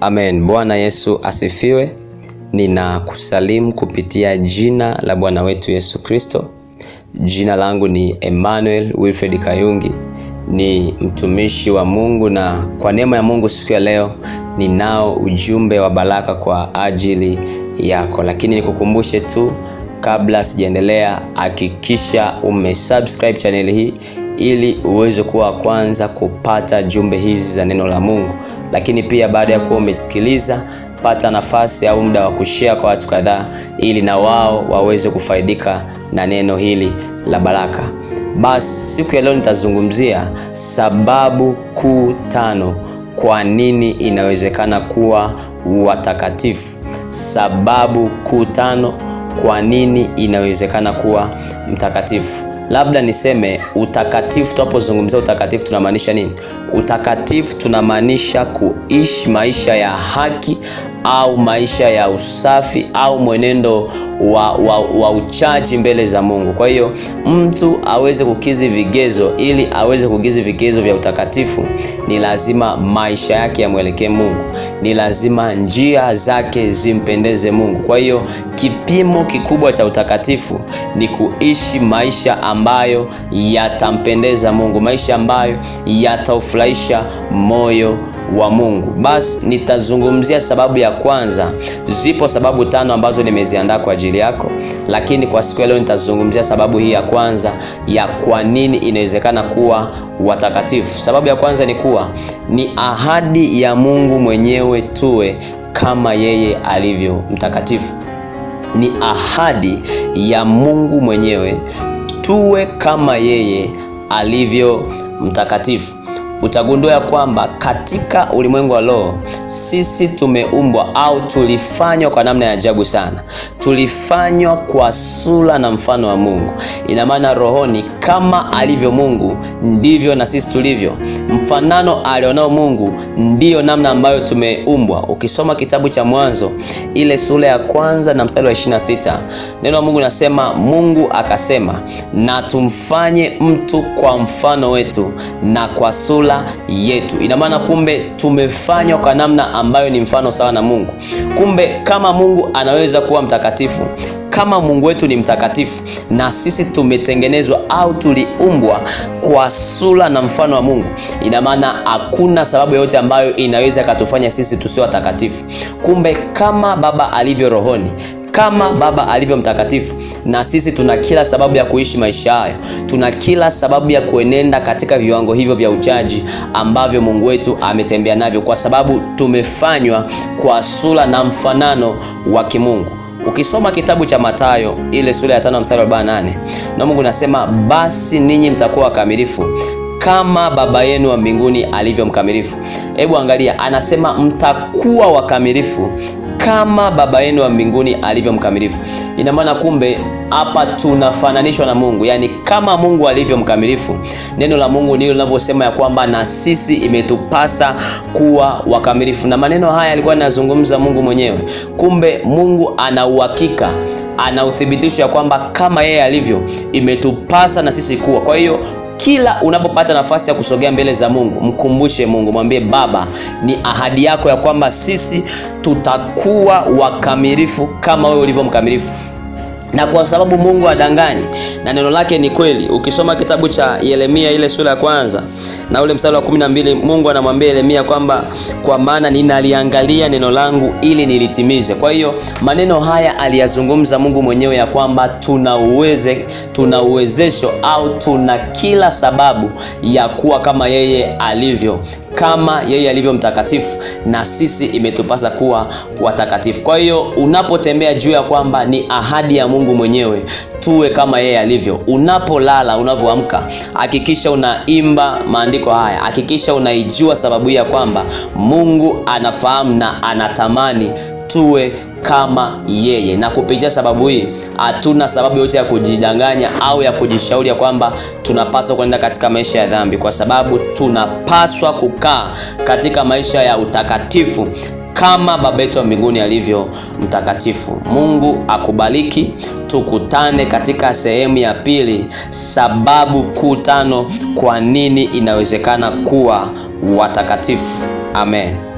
Amen. Bwana Yesu asifiwe. Ninakusalimu kupitia jina la Bwana wetu Yesu Kristo. Jina langu ni Emmanuel Wilfred Kayungi, ni mtumishi wa Mungu, na kwa neema ya Mungu siku ya leo ninao ujumbe wa baraka kwa ajili yako, lakini nikukumbushe tu kabla sijaendelea, hakikisha umesubscribe channel hii ili uweze kuwa kwanza kupata jumbe hizi za neno la Mungu lakini pia baada ya kuwa umesikiliza pata nafasi au muda wa kushare kwa watu kadhaa ili na wao waweze kufaidika na neno hili la baraka. Basi siku ya leo nitazungumzia sababu kuu tano kwa nini inawezekana kuwa watakatifu. Sababu kuu tano kwa nini inawezekana kuwa mtakatifu labda niseme utakatifu. Tunapozungumzia utakatifu tunamaanisha nini? Utakatifu tunamaanisha kuishi maisha ya haki au maisha ya usafi au mwenendo wa, wa, wa uchaji mbele za Mungu. Kwa hiyo mtu aweze kukizi vigezo, ili aweze kukizi vigezo vya utakatifu, ni lazima maisha yake yamwelekee Mungu, ni lazima njia zake zimpendeze Mungu. Kwa hiyo kipimo kikubwa cha utakatifu ni kuishi maisha ambayo yatampendeza Mungu, maisha ambayo yataufurahisha moyo wa Mungu. Basi nitazungumzia sababu ya kwanza. Zipo sababu tano ambazo nimeziandaa kwa ajili yako, lakini kwa siku ya leo nitazungumzia sababu hii ya kwanza ya kwa nini inawezekana kuwa watakatifu. Sababu ya kwanza ni kuwa ni ahadi ya Mungu mwenyewe tuwe kama yeye alivyo mtakatifu. Ni ahadi ya Mungu mwenyewe tuwe kama yeye alivyo mtakatifu utagundua ya kwamba katika ulimwengu wa roho sisi tumeumbwa au tulifanywa kwa namna ya ajabu sana. Tulifanywa kwa sura na mfano wa Mungu. Ina maana rohoni, kama alivyo Mungu ndivyo na sisi tulivyo. Mfanano alionao Mungu ndiyo namna ambayo tumeumbwa. Ukisoma kitabu cha Mwanzo ile sura ya kwanza na mstari wa 26, neno la Mungu nasema, Mungu akasema, na tumfanye mtu kwa mfano wetu na kwa sura badala yetu. Ina maana kumbe tumefanywa kwa namna ambayo ni mfano sawa na Mungu. Kumbe kama Mungu anaweza kuwa mtakatifu kama Mungu wetu ni mtakatifu na sisi tumetengenezwa au tuliumbwa kwa sura na mfano wa Mungu, ina maana hakuna sababu yoyote ambayo inaweza ikatufanya sisi tusiwe watakatifu. Kumbe kama Baba alivyo rohoni, kama Baba alivyo mtakatifu, na sisi tuna kila sababu ya kuishi maisha hayo, tuna kila sababu ya kuenenda katika viwango hivyo vya uchaji ambavyo Mungu wetu ametembea navyo, kwa sababu tumefanywa kwa sura na mfanano wa kimungu. Ukisoma kitabu cha Mathayo ile sura ya 5 mstari wa 48, na Mungu nasema, basi ninyi mtakuwa wakamilifu kama Baba yenu wa mbinguni alivyo mkamilifu. Hebu angalia, anasema mtakuwa wakamilifu kama Baba yenu wa mbinguni alivyo mkamilifu. Ina maana kumbe hapa tunafananishwa na Mungu, yaani kama Mungu alivyo mkamilifu. Neno la Mungu ndilo linavyosema ya kwamba na sisi imetupasa kuwa wakamilifu, na maneno haya alikuwa anazungumza Mungu mwenyewe. Kumbe Mungu ana uhakika ana uthibitisho ya kwamba kama yeye alivyo imetupasa na sisi kuwa. Kwa hiyo kila unapopata nafasi ya kusogea mbele za Mungu, mkumbushe Mungu, mwambie Baba, ni ahadi yako ya kwamba sisi tutakuwa wakamilifu kama wewe ulivyo mkamilifu na kwa sababu Mungu adanganyi na neno lake ni kweli. Ukisoma kitabu cha Yeremia ile sura ya kwanza na ule mstari wa 12, Mungu anamwambia Yeremia kwamba kwa maana ninaliangalia neno langu ili nilitimize. Kwa hiyo maneno haya aliyazungumza Mungu mwenyewe ya kwamba tuna uweze, tuna uwezesho au tuna kila sababu ya kuwa kama yeye alivyo kama yeye alivyo mtakatifu na sisi imetupasa kuwa watakatifu. Kwa hiyo unapotembea juu ya kwamba ni ahadi ya Mungu mwenyewe, tuwe kama yeye alivyo. Unapolala, unavyoamka, hakikisha unaimba maandiko haya, hakikisha unaijua sababu hii ya kwamba Mungu anafahamu na anatamani tuwe kama yeye, na kupitia sababu hii hatuna sababu yote ya kujidanganya au ya kujishauri ya kwamba tunapaswa kwenda katika maisha ya dhambi, kwa sababu tunapaswa kukaa katika maisha ya utakatifu kama Baba yetu wa mbinguni alivyo mtakatifu. Mungu akubariki. Tukutane katika sehemu ya pili, sababu kuu tano kwa nini inawezekana kuwa watakatifu. Amen.